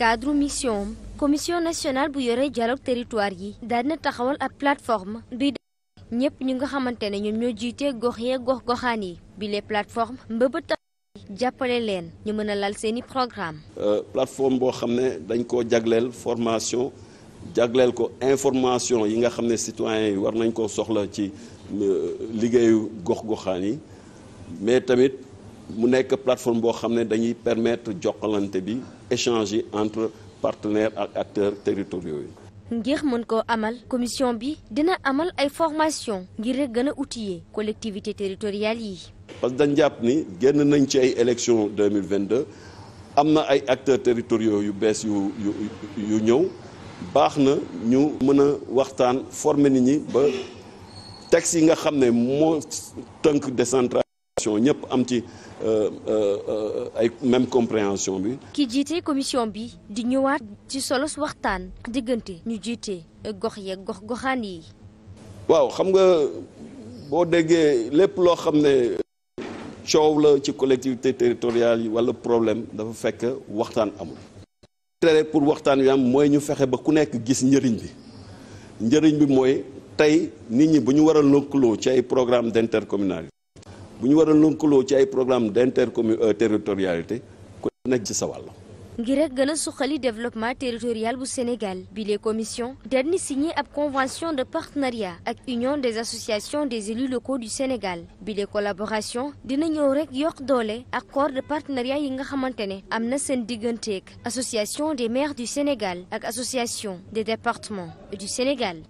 cadre mission am commission nationale bu yore dialogue teritoire yi daal dina taxawal ab plateforme buy ñëpp ñu nga xamante ne ñoom ñoo jiite gox yee gox goxaan yi bi les plateforme mbëbët jàppale leen ñu mën a lal seeni programme euh, plateforme boo xam ne dañ koo jagleel formation jagleel ko information yi nga xam ne citoyens yi war nañ koo soxla ci euh, liggéeyu gox goxaan yi mais tamit mu nekk plateforme boo xam ne dañuy permettre jokkalante bi échanger entre partenaires ak acteurs territoriaux yi. ngir mën ko amal commission bi dina amal ay formation ngir rek gën a outiller collectivités territoriales yi. parce que dañ jàpp ni génn nañ ci ay élections 2022 am na ay acteurs territoriaux yu bees yu yu yu ñëw baax na ñu mën a waxtaan former nit ñi ba texte yi nga xam ne moo tënk décentralisation. ñëpp am ci euh, euh, euh, ay même compréhension bi. ki jiite commission bi di ñëwaat ci solos waxtaan diggante ñu jiite gox yeeg gox goxaan yi. waaw xam nga boo déggee lépp loo xam ne coow la ci collectivité territoriale yi walla problème dafa fekk waxtaan amul. tere pour waxtaan wi am mooy ñu fexe ba ku nekk gis njëriñ bi njëriñ bi mooy tey nit ñi bu ñu war a lëkkaloo ci ay programme d'intercommunalité bu ñu war a lëkkaloo ci ay programme d' interterritorialité ku nekk ci sa wàll. ngir rek gën a suqali développement territorial bu Sénégal bi les commission dañu signé ab convention de partenariat ak union des associations des élus locaux du Sénégal bi les collaboration dina ñëw rek yokk doole accord de partenariat yi nga xamante ne am na seen digganteeg association des maires du Sénégal ak association des départements du Sénégal.